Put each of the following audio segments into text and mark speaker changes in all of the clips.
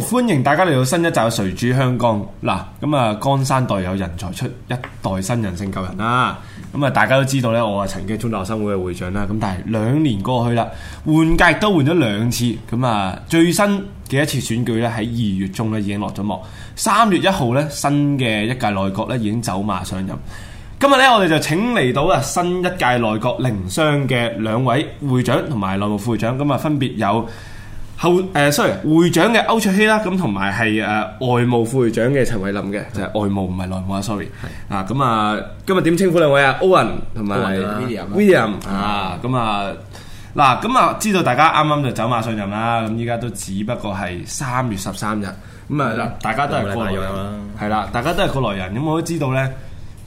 Speaker 1: 歡迎大家嚟到新一集《誰主香江》嗱，咁啊，江山代有人才出，一代新人勝舊人啦。咁啊，大家都知道咧，我啊曾經係中大學生會嘅會長啦，咁但係兩年過去啦，換屆都換咗兩次，咁啊，最新嘅一次選舉咧，喺二月中咧已經落咗幕，三月一號咧新嘅一屆內閣咧已經走馬上任。今日咧我哋就請嚟到啊新一屆內閣凌霜嘅兩位會長同埋內部副會長，咁啊分別有。後誒、呃、，sorry，會長嘅區倬僖啦，咁同埋係誒外務副會長嘅陳偉霖嘅，嗯、就係外務唔係內務啊，sorry。啊、嗯，咁啊、嗯嗯，今日點稱呼兩位啊？Owen 同埋 William，William 啊，咁啊，嗱，咁啊，知道大家啱啱就走馬上任啦，咁依家都只不過係三月十三日，咁、嗯、啊、嗯，大家都係過來人啦。係啦、啊，大家都係過來人，咁、嗯、我都知道咧，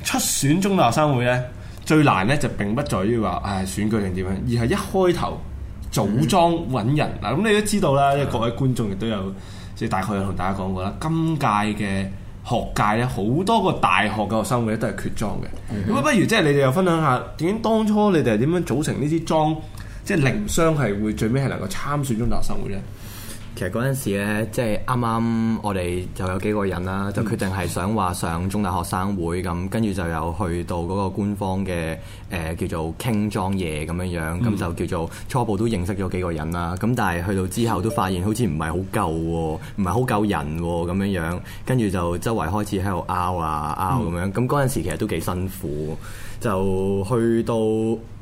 Speaker 1: 出選中大學生會咧，最難咧就並不在於話誒選舉定點樣，而係一開頭。組裝揾人嗱，咁你都知道啦，即是的 各位觀眾亦都有，即係大概有同大家講過啦。今屆嘅學界咧，好多個大學嘅學生會咧都係缺裝嘅。咁啊，不如即係你哋又分享下，點解當初你哋係點樣組成呢啲裝，即係零
Speaker 2: 商係會最尾係能夠參選中大學生會咧？其實嗰陣時咧，即係啱啱我哋就有幾個人啦，就決定係想話上中大學生會咁，跟住就有去到嗰個官方嘅誒、呃、叫做傾裝嘢咁樣樣，咁就叫做初步都認識咗幾個人啦。咁但係去到之後都發現好似唔係好夠、哦，唔係好夠人咁、哦、樣樣，跟住就周圍開始喺度拗啊拗咁、啊嗯、樣。咁嗰陣時其實都幾辛苦。就去到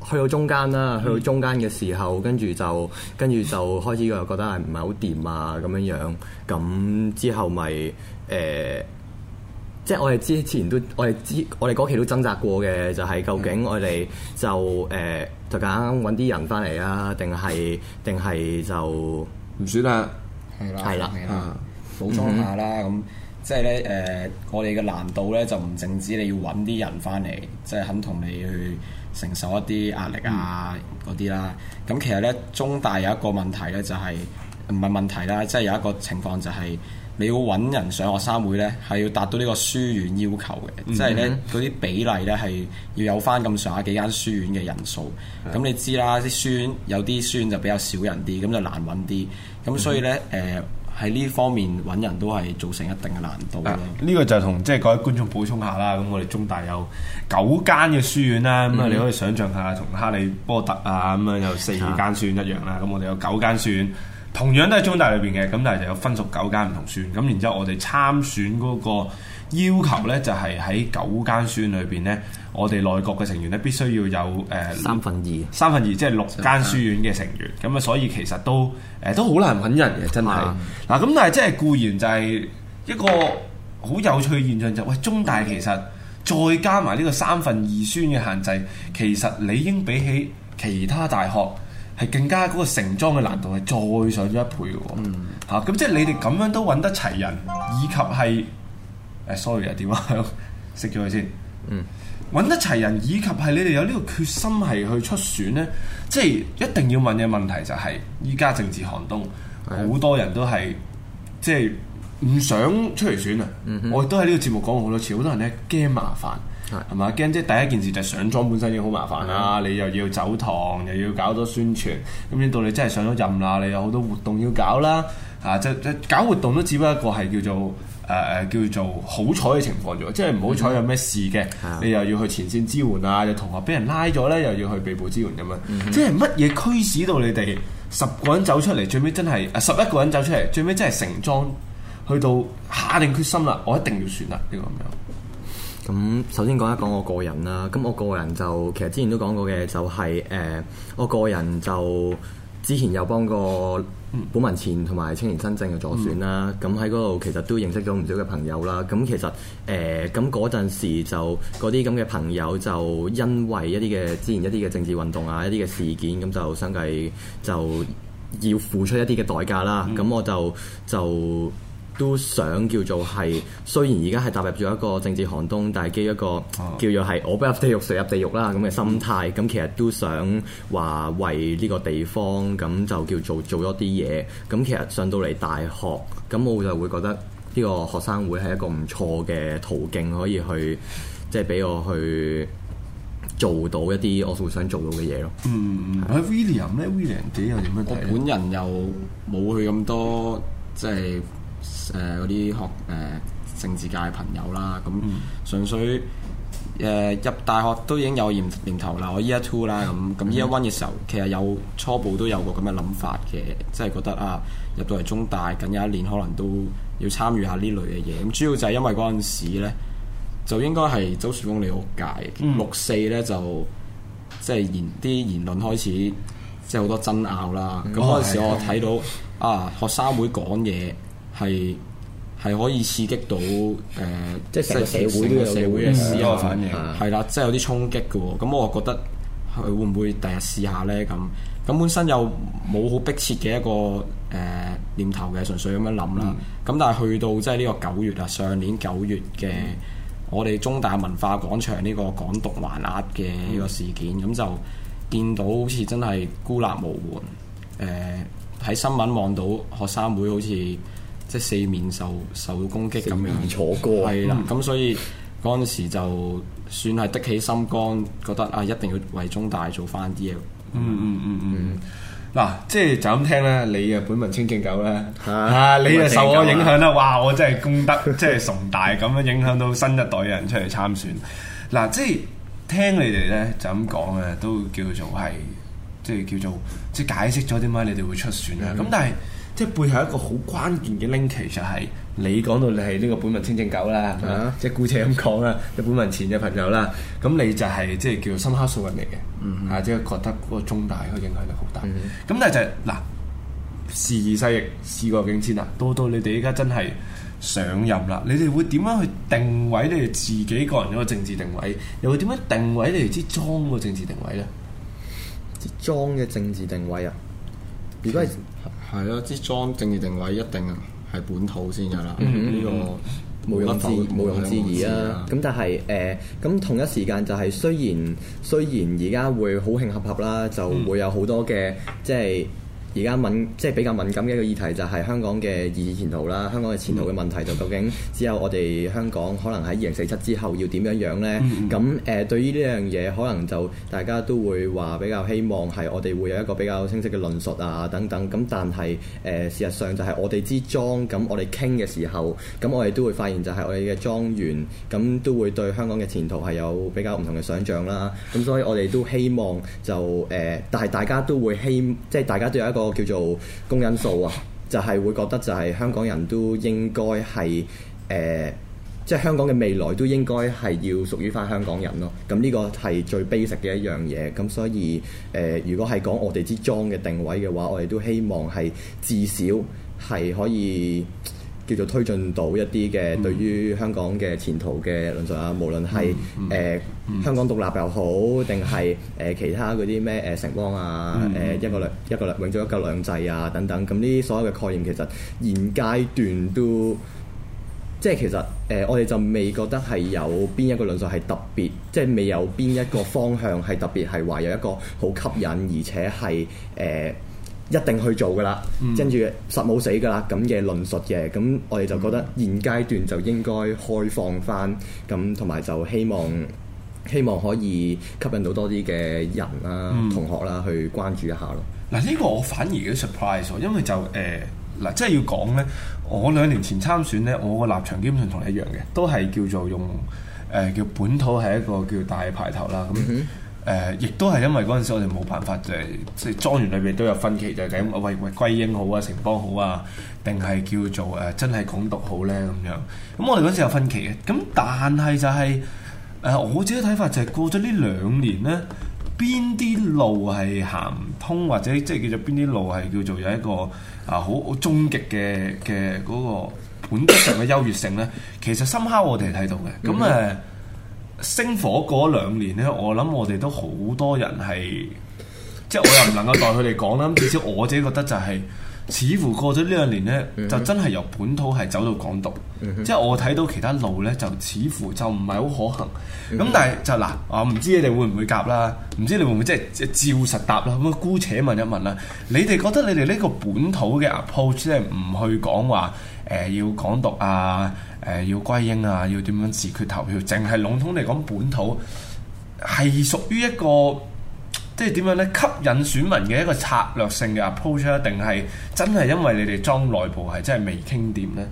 Speaker 2: 去到中間啦，去到中間嘅、嗯、時候，跟住就跟住就開始又覺得係唔係好掂啊咁樣樣。咁之後咪誒、呃，即係我哋之前都我哋之我哋嗰期都掙扎過嘅，就係、是、究竟我哋就誒、呃、就揀揾啲人翻嚟啊，定係定係就唔 算啦，
Speaker 3: 係了啦，係啦，補充下啦咁。嗯嗯即係咧，誒、呃，我哋嘅難度咧就唔淨止你要揾啲人翻嚟，即係肯同你去承受一啲壓力啊嗰啲、嗯、啦。咁其實咧，中大有一個問題咧，就係唔係問題啦，即、就、係、是、有一個情況就係、是、你要揾人上學生會咧，係要達到呢個書院要求嘅，嗯嗯即係咧嗰啲比例咧係要有翻咁上下幾間書院嘅人數。咁是的 你知啦，啲書院有啲書院就比較少人啲，咁就難揾啲。咁所以咧，誒、嗯嗯呃。喺呢方面揾人都係造成一定嘅難度、啊、呢個就同即係各位觀眾補充下啦。咁我哋中大有
Speaker 1: 九間嘅書院啦，咁啊、嗯、你可以想象下，同《哈利波特》啊咁樣有四間書院一樣啦。咁、啊、我哋有九間書院，同樣都喺中大裏邊嘅，咁但係就有分屬九間唔同書院。咁然之後，我哋參選嗰、那個。要求咧就係喺九間書院裏邊咧，我哋內閣嘅成員咧必須要有誒三、呃、分二三分二，即係六間書院嘅成員。咁啊分、嗯，所以其實都誒、呃、都好難揾人嘅、啊，真係。嗱咁是、啊，但係即係固然就係一個好有趣嘅現象就係、是，喂，中大其實再加埋呢個三分二孫嘅限制，其實理應比起其他大學係更加嗰個成莊嘅難度係再上咗一倍喎、啊。嗯，嚇咁、啊、即係你哋咁樣都揾得齊人，以及係。sorry 啊，電話熄咗佢先。嗯，搵得齊人以及係你哋有呢個決心係去出選呢？即係一定要問嘅問題就係、是，依家政治寒冬，好的多人都係即係唔想出嚟選啊。嗯、哼我亦都喺呢個節目講過好多次，好多人咧驚麻煩，係嘛？驚即係第一件事就係上莊本身已經好麻煩啦，的你又要走堂，又要搞多宣傳，咁呢度你真係上咗任啦，你有好多活動要搞啦，嚇即即係搞活動都只不過一個係叫做。誒誒、呃，叫做好彩嘅情況啫，即係唔好彩有咩事嘅，mm hmm. 你又要去前線支援啊！有同學俾人拉咗咧，又要去被捕支援咁樣。Mm hmm. 即係乜嘢驅使到你哋十個人走出嚟，最尾真係啊十一個人走出嚟，最尾真係成莊去到下定決心啦！我一定要選啦！呢個咁樣。
Speaker 2: 咁首先講一講我個人啦，咁我個人就其實之前都講過嘅，就係誒我個人就。之前有幫過本民前同埋青年新政嘅助選啦，咁喺嗰度其實都認識咗唔少嘅朋友啦。咁其實誒，咁嗰陣時就嗰啲咁嘅朋友就因為一啲嘅之前一啲嘅政治運動啊，一啲嘅事件咁就相繼就要付出一啲嘅代價啦。咁、嗯、我就就。都想叫做係，雖然而家係踏入咗一個政治寒冬，但係基於一個叫做係我不入地獄誰入地獄啦咁嘅心態，咁、嗯、其實都想話為呢個地方咁就叫做做咗啲嘢。咁其實上到嚟大學，咁我就會覺得呢個學生會係一個唔錯嘅途徑，可以去即係俾我去
Speaker 3: 做到一啲我會想做到嘅嘢咯。嗯，喺的 William 咧，William 點又點樣睇？我本人又冇去咁多，即係。誒嗰啲學誒政治界朋友啦，咁純粹誒入大學都已經有年年頭啦，我 year two 啦，咁咁 year one 嘅時候，其實有初步都有個咁嘅諗法嘅，即係覺得啊，入到嚟中大緊有一年，可能都要參與下呢類嘅嘢。咁主要就係因為嗰陣時咧，就應該係周樹公離屋界，六四咧就即係言啲言論開始即係好多爭拗啦。咁嗰陣時我睇到啊學生會講嘢。係係可以刺激到誒，呃、即係社會嘅社會嘅思想反應係啦，即係、嗯嗯、有啲衝擊嘅喎。咁、嗯嗯、我覺得佢會唔會第日試下呢？咁咁本身又冇好迫切嘅一個誒、呃、念頭嘅，純粹咁樣諗啦。咁、嗯、但係去到即係呢個九月啊，上年九月嘅我哋中大文化廣場呢個港獨還押嘅呢個事件，咁、嗯、就見到好似真係孤立無援誒。喺、呃、新聞望到學生會好似。即四面受受攻擊咁樣，坐過係啦。咁所以嗰陣時就算係的起心肝，覺得啊，一定要為中大做翻啲嘢。嗯嗯嗯嗯。
Speaker 2: 嗱、
Speaker 3: 嗯啊，即係就咁聽咧，你啊本文清正狗咧，啊你啊受我影響啦。
Speaker 1: 啊、哇！我真係功德，即係、嗯、崇大咁樣影響到新一代人出嚟參選。嗱、啊，即係聽你哋咧就咁講啊，都叫做係即係叫做即係解釋咗啲乜，你哋會出選啊。咁但係。 即係背後一個好關鍵嘅 link，其實係你講到你係呢個本民清正狗啦，嗯啊、即係姑且咁講啦，你本民前嘅朋友啦，咁你就係、是、即係叫做深刻素人嚟嘅，嚇、嗯哼啊、即係覺得嗰個中大個影響力好大。咁、嗯、哼但係就嗱、是，時移世易事過境遷啊，到到你哋依家真係上任啦，嗯、哼你哋會點樣去定位你哋自己個人嗰個政治定位？又會點樣
Speaker 3: 定位你哋啲莊嘅政治定位咧？莊嘅政治定位啊？如果係？係咯，支裝政治定位一定係本土先嘅啦，呢、嗯、哼個毋庸置毋庸置疑啦。咁但係誒，咁、呃、同一時間
Speaker 2: 就係雖然雖然而家會好慶合合啦，就會有好多嘅、嗯、即係。而家敏即係比較敏感嘅一個議題就係香港嘅二次前途啦，香港嘅前途嘅問題就究竟之後我哋香港可能喺二零四七之後要點樣樣咧？咁誒、 呃、對於呢樣嘢，可能就大家都會話比較希望係我哋會有一個比較清晰嘅論述啊等等。咁但係誒、呃、事實上就係我哋之莊咁，我哋傾嘅時候咁我哋都會發現就係我哋嘅莊員咁都會對香港嘅前途係有比較唔同嘅想象啦。咁所以我哋都希望就誒、呃、但係大家都會希即係、就是、大家都有一個。個叫做公因數啊，就係、是、會覺得就係香港人都應該係誒即係香港嘅未來都應該係要屬於翻香港人咯。咁、啊、呢、這個係最 basic 嘅一樣嘢。咁、啊、所以誒、呃、如果係講我哋支莊嘅定位嘅話，我哋都希望係至少係可以。叫做推進到一啲嘅對於香港嘅前途嘅論述啊，嗯、無論係誒、嗯呃、香港獨立又好，定係誒其他嗰啲咩誒城邦啊、誒、嗯呃、一個兩一個,一個永續一國兩制啊等等，咁呢啲所有嘅概念其實現階段都即係、就是、其實誒、呃、我哋就未覺得係有邊一個論述係特別，即、就、係、是、未有邊一個方向係特別係話有一個好吸引，而且係誒。呃一定去做噶啦，跟住、嗯、實冇死噶啦咁嘅論述嘅，咁我哋就覺得現階段就應該開放翻，咁同埋就希望希望可以吸引到多啲嘅人啦、嗯、同學啦去關注一下咯。嗱、嗯，呢、呢個
Speaker 1: 我反而都 surprise 我，因為就誒嗱、呃，即係要講咧，我兩年前參選咧，我個立場基本上同你一樣嘅，都係叫做用誒、呃、叫本土係一個叫大牌頭啦，咁。嗯誒，亦都係因為嗰陣時，我哋冇辦法，就係即係莊園裏邊都有分歧，就係、是、咁。喂喂，歸英好啊，城邦好啊，定係叫做誒、呃，真係港獨好咧咁樣。咁我哋嗰陣時有分歧嘅。咁但係就係、是、誒、呃，我自己睇法就係過咗呢兩年呢，邊啲路係行唔通，或者即係叫做邊啲路係叫做有一個啊好好終極嘅嘅嗰個本質上嘅優越性咧。嗯、哼其實深刻我哋係睇到嘅。咁誒。呃星火嗰兩年呢，我諗我哋都好多人係，即係我又唔能夠代佢哋講啦。至少我自己覺得就係、是。似乎過咗呢兩年呢，嗯、哼就真係由本土係走到港獨，嗯、哼即係我睇到其他路呢，就似乎就唔係好可行。咁、嗯、哼但係就嗱、啊，我唔知你哋會唔會夾啦，唔知你會唔會即係照實答啦。咁姑且問一問啦，你哋覺得你哋呢個本土嘅 approach，即係唔去講話誒要港獨啊，誒、呃、要歸英啊，要點樣自決投票，淨係籠統嚟講本土係屬於一個？即係點樣咧？吸引選民嘅一個策略性嘅 approach 一定係真係因為你哋莊內部係真係未傾掂咧？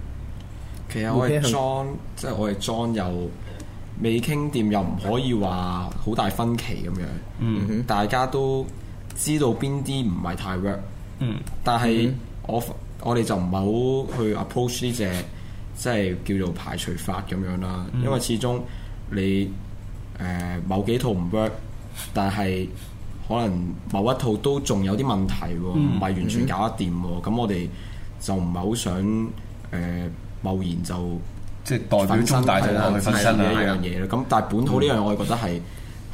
Speaker 3: 其實我哋莊，即係 Okay. 我哋莊又未傾掂，又唔可以話好大分歧咁樣。Mm hmm. 嗯哼，大家都知道邊啲唔係太 work、mm。嗯、hmm.，但係我我哋就唔係好去 approach 呢隻，即、就、係、是、叫做排除法咁樣啦。Mm hmm. 因為始終你誒、呃、某幾套唔 work，但係可能某一套都仲有啲問題喎，唔係、嗯、完全搞得掂喎，咁、嗯、我哋就唔係好想誒貿、呃、然就即係代表中大就去分身一樣嘢咯。咁但係本土呢樣我哋覺得係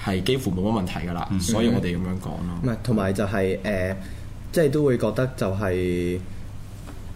Speaker 3: 係、嗯、幾乎冇乜問題噶啦，嗯、所以我哋咁樣講咯。唔係、嗯，
Speaker 2: 同埋就係、是，誒、呃，即、就、係、是、都會覺得就係、是、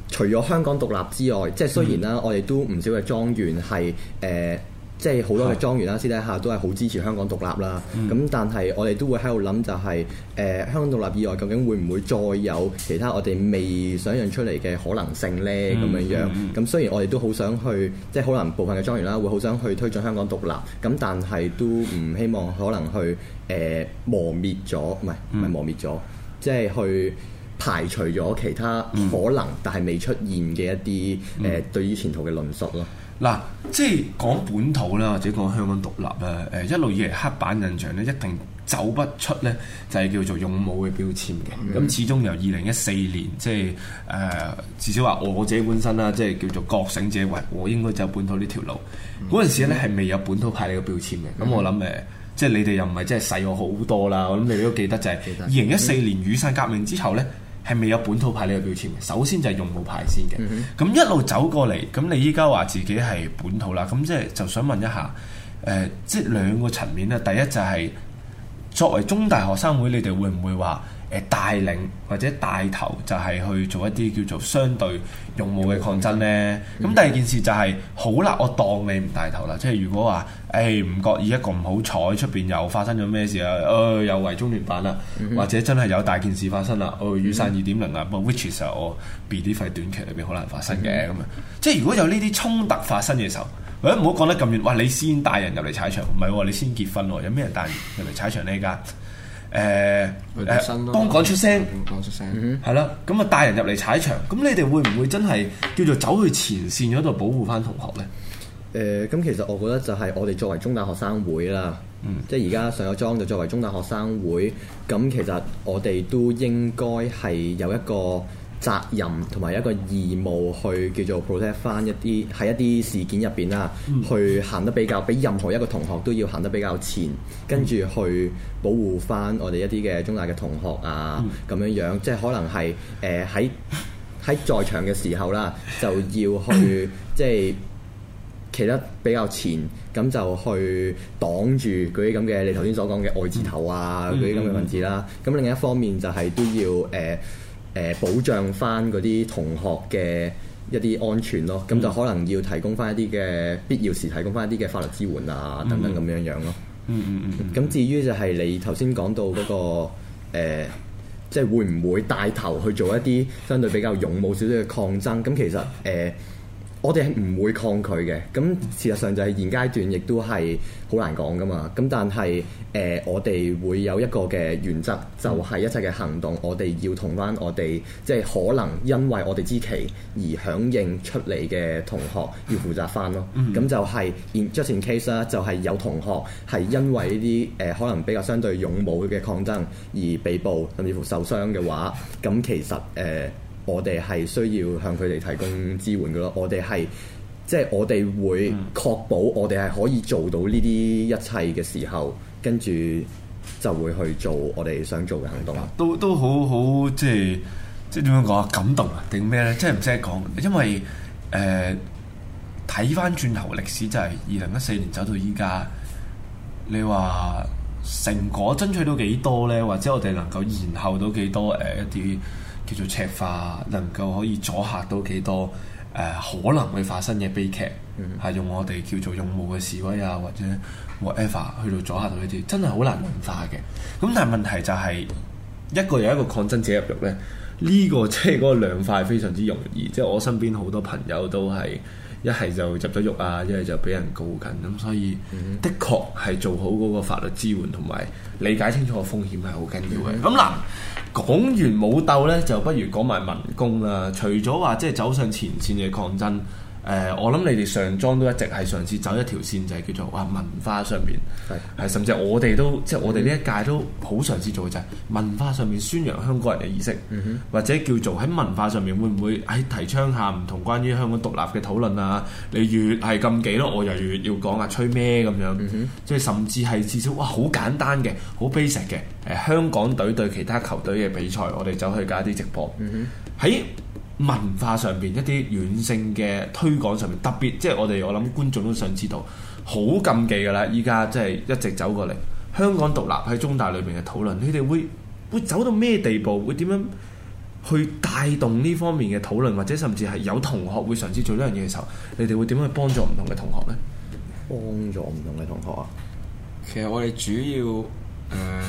Speaker 2: 除咗香港獨立之外，即係雖然啦，我哋都唔少嘅莊員係。誒、嗯。嗯即係好多嘅莊園啦，是私底下都係好支持香港獨立啦。咁、嗯、但係我哋都會喺度諗就係、是，誒、呃、香港獨立以外，究竟會唔會再有其他我哋未想象想像出嚟嘅可能性呢？咁樣、嗯、樣。咁雖然我哋都好想去，即係可能部分嘅莊園啦，會好想去推進香港獨立。咁但係都唔希望可能去誒、呃、磨滅咗，唔係唔係磨滅咗，即係去排除咗其他可能，嗯、但係未出現嘅一啲誒、呃、對於前途嘅論述咯。嗱，即係講本土啦，或者講香港獨立啦，誒，一路以嚟刻板
Speaker 1: 印象咧，一定走不出咧，就係叫做勇武嘅標籤嘅。咁、mm hmm. 始終由二零一四年，即係誒、呃、至少話我自己本身啦，即係叫做覺醒者，我應該走本土呢條路。嗰陣、mm hmm. 時咧係未有本土派呢個標籤嘅。咁、mm hmm. 我諗誒，mm hmm. 即係你哋又唔係真係細我好多啦。我諗你都記得就係二零一四年雨傘革命之後咧。係咪有本土派你嘅標籤？首先就係用戶派先嘅，咁、嗯、哼一路走過嚟，咁你依家話自己係本土啦，咁即係就想問一下，誒、呃，即係兩個層面咧，第一就係作為中大學生會，你哋會唔會話？誒帶領或者帶頭就係去做一啲叫做相對勇武嘅抗爭呢。咁第二件事就係好啦，我當你唔帶頭啦。即係如果話誒唔覺意一個唔好彩，出邊又發生咗咩事啊？誒、哦、又為中聯辦啦，嗯、哼或者真係有大件事發生啦、哦。雨傘二點零啊，which is 我 B D f 費短期裏邊好難發生嘅咁樣。嗯、哼即係如果有呢啲衝突發生嘅時候，或者唔好講得咁遠。哇！你先帶人入嚟踩場唔係喎，你先結婚喎，有咩人帶人入嚟踩場呢家？誒，當講出聲，講出聲，
Speaker 2: 係咯、嗯哼，咁啊帶人入嚟踩場，咁、嗯、哼你哋會唔會真係叫做走去前線嗰度保護翻同學呢？誒、呃，咁其實我覺得就係我哋作為中大學生會啦，嗯、即係而家上咗莊就作為中大學生會，咁其實我哋都應該係有一個。責任同埋一個義務去叫做 protect 翻一啲喺一啲事件入邊啦，嗯、去行得比較比任何一個同學都要行得比較前，嗯、跟住去保護翻我哋一啲嘅中大嘅同學啊，咁樣、嗯、樣，即係可能係誒喺喺在場嘅時候啦，就要去即係企得比較前，咁就去擋住嗰啲咁嘅你頭先所講嘅外字頭啊嗰啲咁嘅文字啦。咁另一方面就係都要誒。呃呃、保障翻嗰啲同學嘅一啲安全咯，咁、嗯、就可能要提供翻一啲嘅必要時提供翻一啲嘅法律支援啊，等等咁樣這樣咯。嗯嗯嗯。咁、嗯嗯嗯、至於就係你頭先講到嗰、嗰個即係、呃即係、會唔會帶頭去做一啲相對比較勇武少少嘅抗爭？咁其實誒。呃我哋係唔會抗拒嘅，咁事實上就係現階段亦都係好難講㗎嘛。咁但係誒、呃，我哋會有一個嘅原則，就係、是、一切嘅行動，我哋要同返我哋即係可能因為我哋之期而響應出嚟嘅同學要負責返囉。咁就係、是、現 just in case 啦，就係有同學係因為呢啲誒可能比較相對勇武嘅抗爭而被捕甚至乎受傷嘅話，咁其實誒。呃我哋係需要向佢哋提供支援噶咯，我哋係即係我哋會確保我哋係可以做到呢啲一切嘅時候，跟住就會去做我哋想做嘅行動。嗯、
Speaker 1: 都都好好，即係即係點樣講啊？感動啊？定咩咧？即係唔識講？因為誒，睇翻轉頭歷史就係二零一四年走到依家，你話成果爭取到幾多咧？或者我哋能夠延後到幾多誒、呃、一啲？叫做赤化，能夠可以阻嚇到幾多誒、呃、可能會發生嘅悲劇，係、mm hmm. 用我哋叫做用武嘅示威啊，或者 whatever 去到阻嚇到呢啲，真係好難量化嘅。咁、mm hmm. 但係問題就係、是、一個又一個抗爭者入獄咧，呢、這個即係嗰個量化非常之容易，即、就、係、是、我身邊好多朋友都係。一係就入咗獄啊，一係就俾人告緊，咁所以的確係做好嗰個法律支援同埋理解清楚個風險係好緊要嘅。咁嗱、嗯，講完武鬥呢，就不如講埋民工啦。除咗話即係走上前線嘅抗爭。誒、呃，我諗你哋上莊都一直係嘗試走一條線，就係、是、叫做哇文化上面，係是甚至我哋都是即係我哋呢一屆都好嘗試做嘅就係文化上面宣揚香港人嘅意識，嗯、哼或者叫做喺文化上面會唔會喺提倡下唔同關於香港獨立嘅討論啊？你越係禁幾忌咯，我又越要講啊，吹咩咁樣？嗯、哼即係甚至係至少哇，好簡單嘅，好 basic 嘅誒，香港隊對其他球隊嘅比賽，我哋走去搞啲直播，喺。嗯 文化上邊一啲軟性嘅推廣上面，特別即係、就是、我哋，我諗觀眾都想知道，好禁忌㗎啦！依家即係一直走過嚟，香港獨立喺中大裏面嘅討論，你哋會會走到咩地步？會點樣去帶動呢方面嘅討論，或者甚至係有同學會嘗試做呢樣嘢嘅時候，你哋會點樣去幫助唔同嘅同
Speaker 3: 學呢？幫助唔同嘅同學啊！其實我哋主要、呃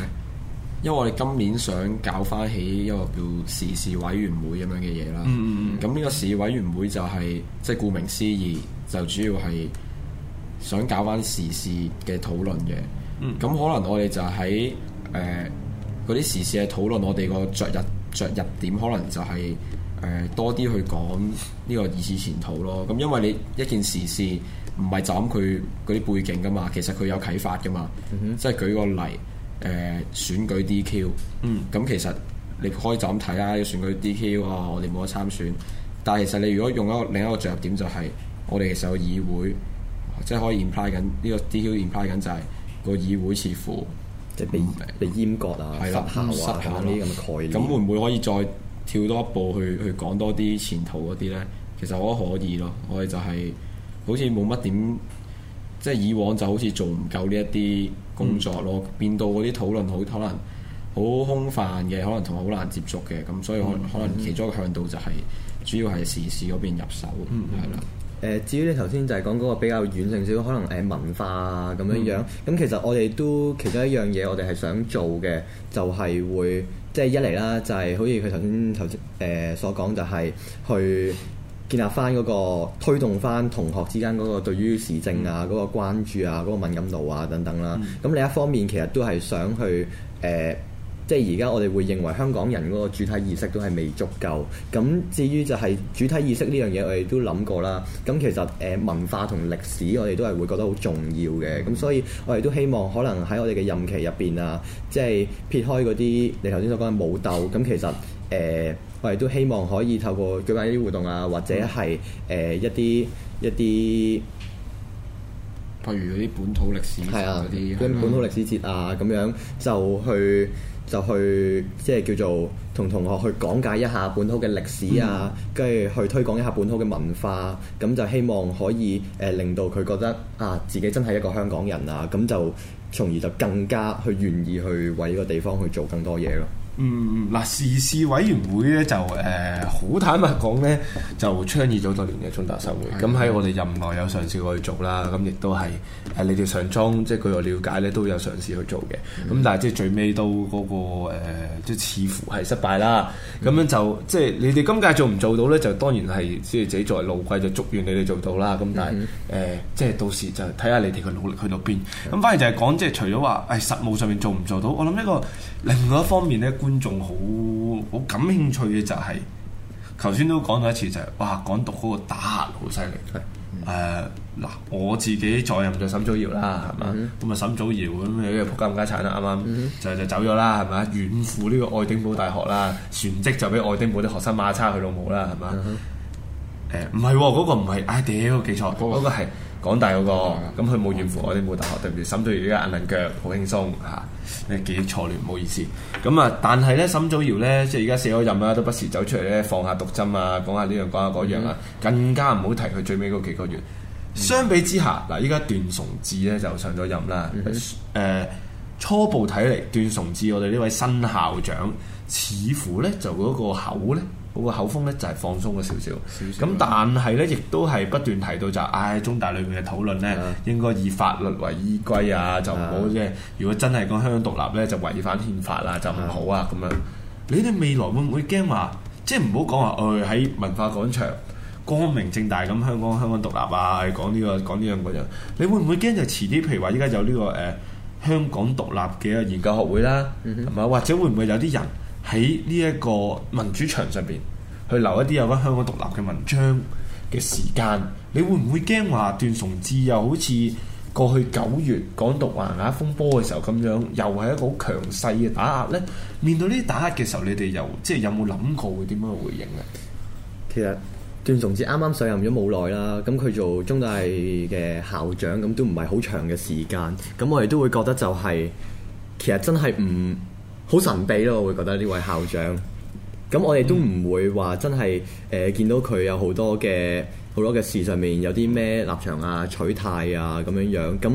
Speaker 3: 因為我哋今年想搞返起一個叫時事委員會咁樣嘅嘢啦，咁呢、嗯嗯、個時事委員會就係即係顧名思義，就主要係想搞返時事嘅討論嘅。咁、嗯、可能我哋就喺嗰啲時事嘅討論，我哋個着入著入點可能就係、是呃、多啲去講呢個二次前途咯。咁因為你一件時事唔係斬佢嗰啲背景㗎嘛，其實佢有啟發㗎嘛。嗯嗯、即係舉個例。誒、呃、選舉 DQ，嗯，咁其實你可以就咁睇啦，要選舉 DQ 啊、哦，我哋冇得參選。但係其實你如果用一個另一個着眼點、就是，就係我哋其實有議會，即係可以 imply 緊呢個 DQ imply 緊、就是，就係個議會似乎即係被、嗯、被閹割啊，的失衡啊嗰啲咁嘅概念。咁會唔會可以再跳多一步去去講多啲前途嗰啲咧？其實我覺得可以咯，我哋就係、是、好似冇乜點，即係以往就好似做唔夠呢一啲。工作咯，變到嗰啲討論好可能好空泛嘅，可能同埋好難接觸嘅，咁所以可能可能其中一個向度就係、是、主要係時事嗰邊入手，嗯，嗯，嗯，係啦吧。誒、呃，至於你
Speaker 2: 頭先就係講嗰個比較遠性少，少，可能誒文化啊咁樣樣。咁、嗯、其實我哋都其中一樣嘢，我哋係想做嘅就係會即係一嚟啦，就係好似佢頭先頭先誒所講，就係、是就是、去。建立翻、那、嗰個推動翻同學之間嗰個對於時政啊、嗰、嗯、個關注啊、嗰、那個敏感度啊等等啦、啊。咁另、嗯、一方面，其實都係想去誒，即係而家我哋會認為香港人嗰個主體意識都係未足夠。咁至於就係主體意識呢樣嘢，我哋都諗過啦。咁其實誒、呃、文化同歷史，我哋都係會覺得好重要嘅。咁所以我哋都希望可能喺我哋嘅任期入邊啊，即、就、係、是、撇開嗰啲你頭先所講嘅武鬥。咁其實誒。呃我哋都希望可以透過舉辦一啲活動啊，或者係誒、呃、一啲一啲，譬如啲本土歷史，嗰啲係啊、係啊、本土歷史節啊，咁樣就去就去，即係、就是、叫做同同學去講解一下本土嘅歷史啊，跟住、嗯、去推廣一下本土嘅文化，咁就希望可以誒、呃、令到佢覺得啊自己真係一個香港人啊，咁就從而就更加去願意去為呢個地方去做更多嘢咯。
Speaker 1: 嗯，嗱，時事委員會咧就誒、呃、好坦白講咧，就倡議咗多年嘅中大修會，咁喺、嗯、我哋任內有嘗試過去做啦，咁亦都係誒、呃、你哋上莊，即係據我了解咧都有嘗試去做嘅，咁但係即係最尾都嗰、那個、呃、即係似乎係失敗啦，咁樣、嗯、就即係你哋今屆做唔做到咧，就當然係即係自己作為老鬼就祝願你哋做到啦，咁但係誒、嗯嗯呃、即係到時就睇下你哋嘅努力去到邊，咁、嗯、反而就係講即係除咗話誒實務上面做唔做到，我諗呢個另外一，另外一，另外一方面咧。觀眾好好感興趣嘅就係、是，頭先都講到一次就係、是，哇！港獨嗰個打壓好犀利。誒、呃，嗱，我自己在任就沈祖堯啦，係嘛？咁啊、嗯哼，沈祖堯咁啊，撲金家產啦，啱唔啱？剛剛嗯、哼就就走咗啦，係咪？遠赴呢個愛丁堡大學啦，船即就俾愛丁堡啲學生馬叉佢老母啦，係嘛？誒、嗯哼，唔係嗰個唔係，唉、哎、屌、呃，記錯，嗰、那個係。港大嗰、那個，咁佢冇怨婦，乎我哋冇大學，嗯、對唔對？沈祖堯呢眼能腳好輕鬆嚇，咩記憶錯亂，唔好意思。咁啊，但係咧，沈祖堯咧即係而家卸咗任啦、啊，都不時走出嚟咧，放下毒針啊，講下呢、這、樣、個，講下嗰樣啊，嗯、更加唔好提佢最尾嗰幾個月。嗯、相比之下，嗱，依家段崇智咧就上咗任啦。誒、嗯呃，初步睇嚟，段崇智我哋呢位新校長，似乎咧就嗰個口咧。嗰個口風咧就係放鬆咗少少，咁但係咧亦都係不斷提到就，唉，中大裏面嘅討論咧，應該以法律為依歸啊，就唔好即係如果真係講香港獨立咧，就違反憲法啦，就唔好啊咁樣。你哋未來會唔會驚話，即係唔好講話，誒喺文化廣場光明正大咁香港香港獨立啊，講呢個講呢樣嗰樣？你會唔會驚就遲啲？譬如話依家有呢個誒香港獨立嘅研究學會啦，係嘛？或者會唔會有啲人，喺呢一個民主牆上邊，去留一啲有關香港獨立嘅文章嘅時間，你會唔會驚話段崇智又好似過去九月港獨橫額風波嘅時候咁樣，又係一個好強勢嘅打壓呢？面對呢啲打壓嘅時候，你哋又即係有冇諗過會點樣回應呢？
Speaker 2: 其實段崇智啱啱上任咗冇耐啦，咁佢做中大嘅校長，咁都唔係好長嘅時間，咁我哋都會覺得就係其實真係唔。好神秘咯，我會覺得呢位校長。咁我哋都唔會話真係誒、呃、見到佢有好多嘅好多嘅事上面有啲咩立場啊、取態啊，咁樣樣。咁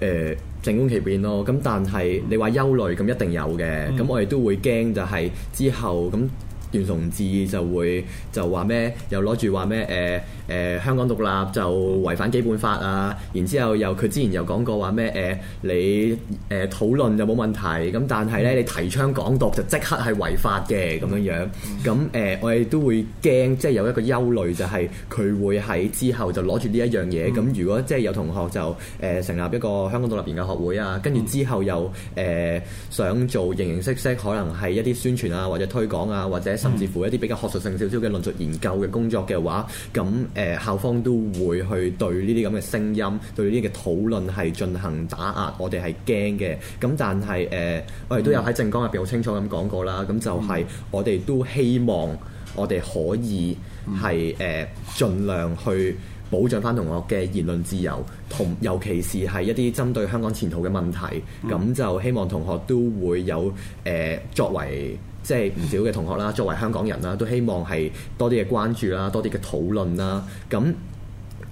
Speaker 2: 誒靜觀其變咯。咁但係你話憂慮咁一定有嘅。咁、嗯、我哋都會驚就係之後咁。段崇智就會就話咩？又攞住話咩？誒、呃、誒、呃，香港獨立就違反基本法啊！然之後又佢之前又講過話咩？誒、呃，你誒、呃、討論就冇問題，咁但係咧，你提倡港獨就即刻係違法嘅咁樣樣。咁、呃、誒，我哋都會驚，即、就、係、是、有一個憂慮，就係佢會喺之後就攞住呢一樣嘢。咁、嗯、如果即係有同學就誒、呃、成立一個香港獨立研究學會啊，跟住之後又誒、呃、想做形形色色，可能係一啲宣傳啊，或者推廣啊，或者。甚至乎一啲比較學術性少少嘅論述研究嘅工作嘅話，咁誒、呃、校方都會去對呢啲咁嘅聲音，對呢啲嘅討論係進行打壓。我哋係驚嘅。咁但係誒、呃，我哋都有喺政綱入邊好清楚咁講過啦。咁就係我哋都希望我哋可以係誒、呃、盡量去保障返同學嘅言論自由，同尤其是係一啲針對香港前途嘅問題。咁就希望同學都會有誒、呃、作為。即係唔少嘅同學啦，作為香港人啦，都希望係多啲嘅關注啦，多啲嘅討論啦。咁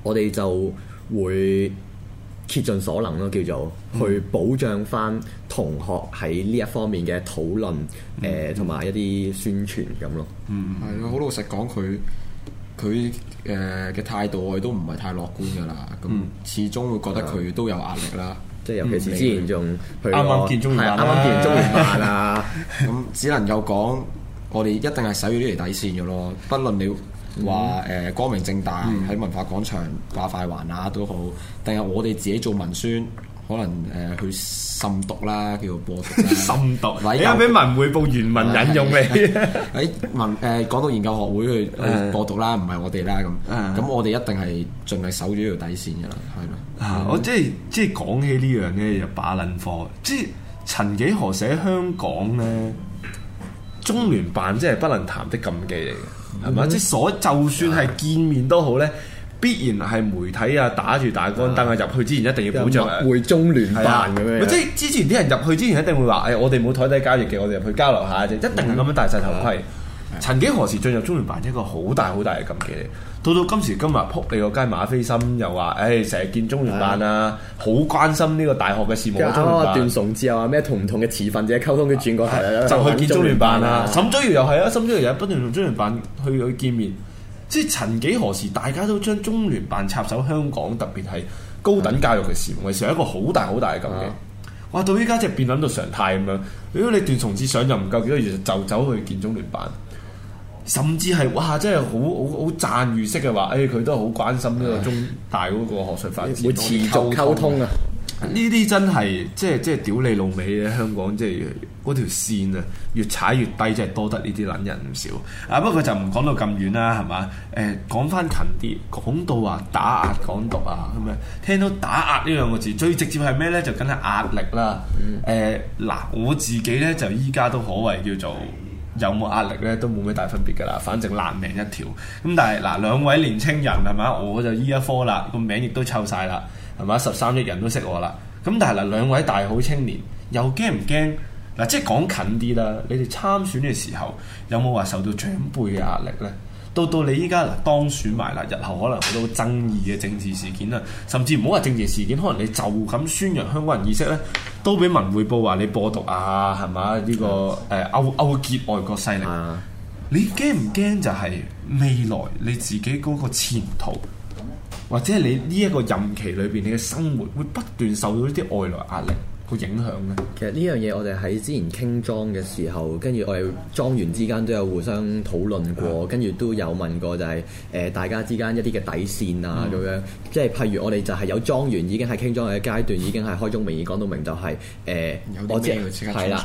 Speaker 2: 我哋就會竭盡所能咯，叫做去保障翻
Speaker 3: 同學喺呢一方面嘅討論，誒同埋一啲宣傳咁咯。嗯嗯，係，好、嗯、老實講，佢佢誒嘅態度我哋都唔係太樂觀噶啦。咁始終會覺得佢都有壓力啦。嗯嗯嗯嗯即係尤其是之前仲去啱啱、嗯、見中年辦啊，對，咁、啊、 只能夠講，我哋一定係守住呢條底線嘅咯。不論你話誒、嗯呃、光明正大喺、嗯、文化廣場掛快環啊都好，定係我哋自己做文宣。可能誒佢滲毒啦，叫做播毒滲毒。你有俾文匯報原文引用你、 哎。喺文誒、呃、港獨研究學會去播毒啦，唔係、哎、我哋啦咁。咁我哋一定係盡力守住呢條底線嘅啦，係嘛？啊嗯、我即係即係講起呢樣咧，就罷撚課。即係、嗯、
Speaker 1: 陳幾何寫香港咧，中聯辦即係不能談的禁忌嚟嘅，
Speaker 2: 係咪、嗯嗯？即係所
Speaker 1: 就算係見面都好咧。必然係媒體啊，打住大杆燈啊，入去之前一定要保障，
Speaker 2: 會中聯辦咁樣。即係
Speaker 1: 之前啲人入去之前一定會話：哎，我哋冇台底交易嘅，我哋入去交流下啫。一定係咁樣戴晒頭盔。曾經何時進入中聯辦一個好大好大嘅禁忌嚟。到到今時今日，撲你個街馬斐森又
Speaker 2: 話：哎，成日見中聯辦啊，好關心呢個大學嘅事務。段崇智之後，咩同唔同嘅持份者溝通都轉過嚟，就去見中聯辦啊。沈
Speaker 1: 祖堯又係啊，沈祖堯又不斷同中聯辦去去見面。即係曾幾何時，大家都將中聯辦插手香港，特別係高等教育嘅事，係一個好大好大嘅禁忌。啊、哇！到依家即係變諗到常態咁樣，如果你段崇智上任唔夠幾多月，就走，走去見中聯辦，甚至係哇，真係好好好讚譽式嘅話，誒、哎、佢都好關心呢個中大嗰個學術發展，唉發會持續溝，溝通啊！呢啲真係即係即係屌你老味咧！香港即係嗰條線啊，越踩越低，即係多得呢啲撚人唔少。啊、嗯、不過就唔講到咁遠啦，係嘛？誒，講翻近啲，講到話打壓港獨啊咁樣，聽到打壓呢兩個字，最直接係咩咧？就梗係壓力啦。誒嗱、嗯欸，我自己咧就依家都可謂叫做有冇壓力咧都冇咩大分別㗎啦，反正爛命一條。咁但係嗱，兩位年青人係嘛，我就依一科啦，個名亦都臭晒啦。係嘛？十三億人都識我啦。咁但係嗱，兩位大好青年，又驚唔驚？嗱，即係講近啲啦。你哋參選嘅時候，有冇話受到長輩嘅壓力呢？到到你依家嗱當選埋啦，日後可能好多爭議嘅政治事件啊，甚至唔好話政治事件，可能你就咁宣揚香港人意識呢，都俾文匯報話你播毒啊，係嘛？呢、呢個誒勾勾結外國勢力。啊、你驚唔驚？就係未來你自己嗰個前途。或者你
Speaker 2: 呢一個任期裏邊，你嘅生活會不斷受到一啲外來壓力影響咧，其實呢樣嘢我哋喺之前傾莊嘅時候，跟住我哋莊員之間都有互相討論過，跟住都有問過就係誒大家之間一啲嘅底線啊咁樣，即係譬如我哋就係有莊員已經係傾莊嘅階段，已經係開宗明義講到明就係誒，我知係啦。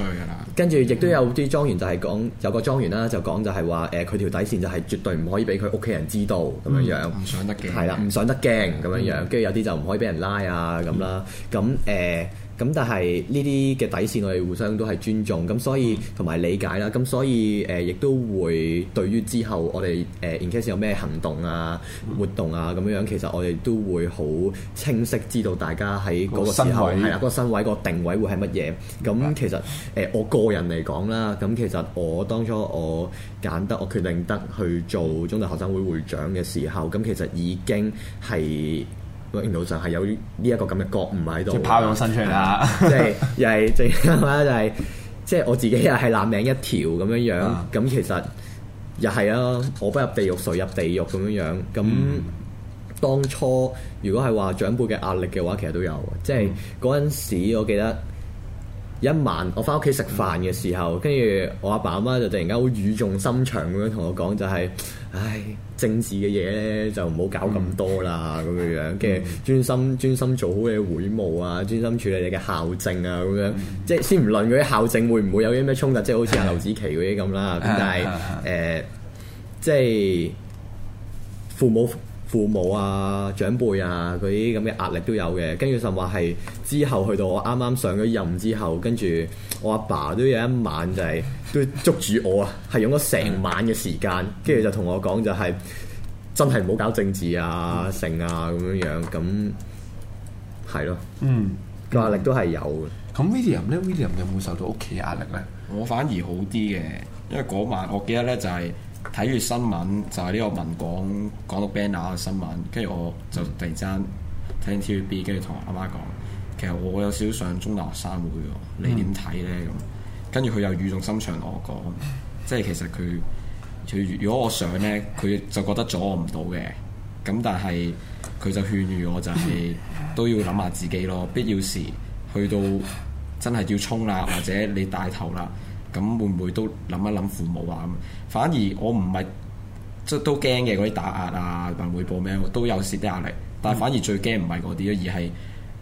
Speaker 2: 跟住亦都有啲莊員就係講有個莊員啦，就講就係話誒佢條底線就係絕對唔可以俾佢屋企人知道咁樣樣，唔想得驚，係啦，唔想得驚咁樣樣，跟住有啲就唔可以俾人拉啊咁啦，咁誒。咁但係呢啲嘅底線，我哋互相都係尊重，咁所以同埋、嗯、理解啦。咁所以誒，亦、呃、都會對於之後我哋誒、呃、i n c a s e in case 有咩行動啊、嗯、活動啊咁樣樣，其實我哋都會好清晰知道大家喺嗰個時候係個身位個定位會係乜嘢。咁其實誒、呃，我個人嚟講啦，咁其實我當初我揀得，我決定得去做中大學生會會長嘅時候，咁其實已經係。我認到上係有呢一個咁嘅覺悟喺度，即係拋咗身出嚟啊！即係又係最啱就係、是，即、就、係、是、我自己又係爛命一條咁樣樣。咁 其實又係啊！我不入地獄誰入地獄咁樣樣。咁當初如果係話長輩嘅壓力嘅話，其實都有。即係嗰陣時，我記得一晚我返屋企食飯嘅時候，跟住 我阿爸阿媽，媽就突然間好語重心長咁樣同我講，就係、是。唉，政治嘅嘢咧就唔好搞咁多啦，咁嘅樣，跟住專心專心做好你嘅會務啊，專心處理你嘅校政啊，咁樣，嗯、即係先唔論嗰啲校政會唔會有啲咩衝突，嗯、即係好似阿劉子琪嗰啲咁啦。咁、嗯、但係誒、嗯嗯嗯嗯呃，即係父母。父母啊、長輩啊嗰啲咁嘅壓力都有嘅，跟住甚至話係之後去到我啱啱上咗任之後，跟住我阿爸都有一晚就係都捉住我啊，係 用咗成晚嘅時間，跟住就同我講就係真係唔好搞政治啊、成啊咁樣樣，
Speaker 3: 咁係咯。嗯，壓力都係有嘅。咁 William 咧，William 有冇受到屋企壓力咧？我反而好啲嘅，因為嗰晚我記得咧就係、是。睇住新聞就係、是、呢個文講講到 banner 嘅新聞，跟住我就突然間聽 TVB，跟住同阿媽講，其實我有少少上中大學生會喎，你點睇呢？」咁跟住佢又語重心長同我講，即係其實佢，佢如果我上呢，佢就覺得阻我唔到嘅。咁但係佢就勸喻我就係、是嗯、都要諗下自己咯，必要時去到真係要衝啦，或者你帶頭啦。咁會唔會都諗一諗父母啊？咁反而我唔係即係都驚嘅嗰啲打壓啊，還會報咩？我都有少啲壓力，但係反而最驚唔係嗰啲咯，而係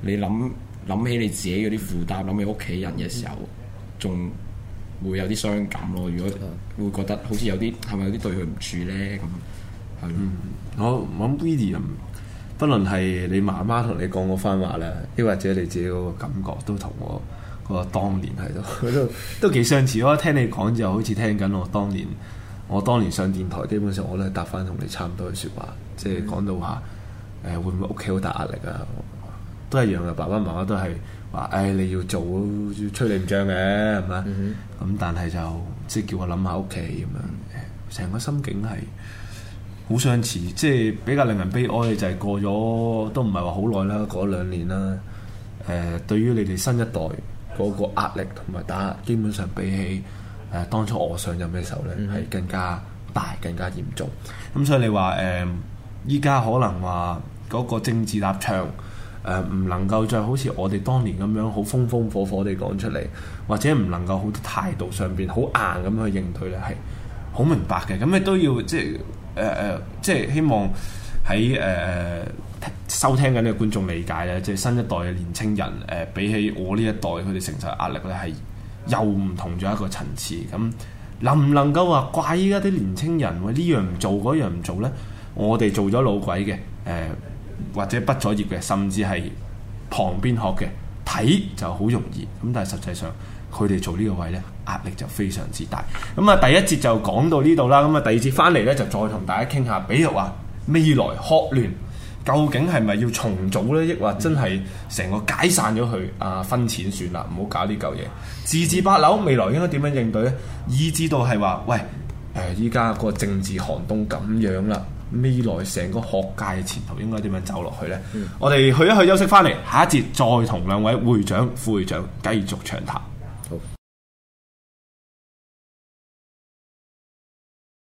Speaker 3: 你諗諗起你自己嗰啲負擔，諗起屋企人嘅時候，仲會有啲傷感咯、啊。如果會覺得好似有啲係咪有啲對佢唔住咧咁？係嗯，我諗 William，不論係
Speaker 1: 你媽媽同你講嗰番話咧，亦或者你自己個感覺都同我。我當年係咯， 都都幾相似。 我聽你講就好似聽緊我當年，我當年上電台，基本上我都係答翻同你差唔多嘅説話，即、就、係、是、講到話誒、呃，會唔會屋企好大壓力啊？都一樣嘅，爸爸媽媽都係話，誒、哎、你要做，要催你唔脹嘅，係咪？咁、mm hmm. 嗯、但係就即係叫我諗下屋企咁樣，成個心境係好相似，即係比較令人悲哀嘅就係、是、過咗都唔係話好耐啦，過咗兩年啦。誒、呃，對於你哋新一代。嗰個壓力同埋打壓，基本上比起誒、呃、當初我上任嘅時候咧，係、嗯、更加大、更加嚴重。咁所以你話誒，依、呃、家可能話嗰、那個政治立場誒，唔、呃、能夠再好似我哋當年咁樣好風風火火地講出嚟，或者唔能夠好多態度上邊好硬咁去應對咧，係好明白嘅。咁你都要即係誒誒，即係、呃、希望喺誒。呃收聽緊呢個觀眾理解咧，即係新一代嘅年青人，誒、呃，比起我呢一代，佢哋承受壓力咧係又唔同咗一個層次。咁、嗯、能唔能夠話怪依家啲年青人，呢樣唔做，嗰樣唔做咧？我哋做咗老鬼嘅，誒、呃，或者畢咗業嘅，甚至係旁邊學嘅，睇就好容易。咁、嗯、但係實際上佢哋做呢個位咧，壓力就非常之大。咁、嗯、啊，第一節就講到呢度啦。咁、嗯、啊，第二節翻嚟咧就再同大家傾下，比如話未來學聯。究竟係咪要重組呢？抑或真係成個解散咗佢啊？分錢算啦，唔好搞呢嚿嘢。自治八樓未來應該點樣應對呢？以至到係話，喂，誒，依家個政治寒冬咁樣啦，未來成個學界嘅前途應該點樣走落去呢？嗯、我哋去一去休息翻嚟，下一節再同兩位會長、副會長繼續長談。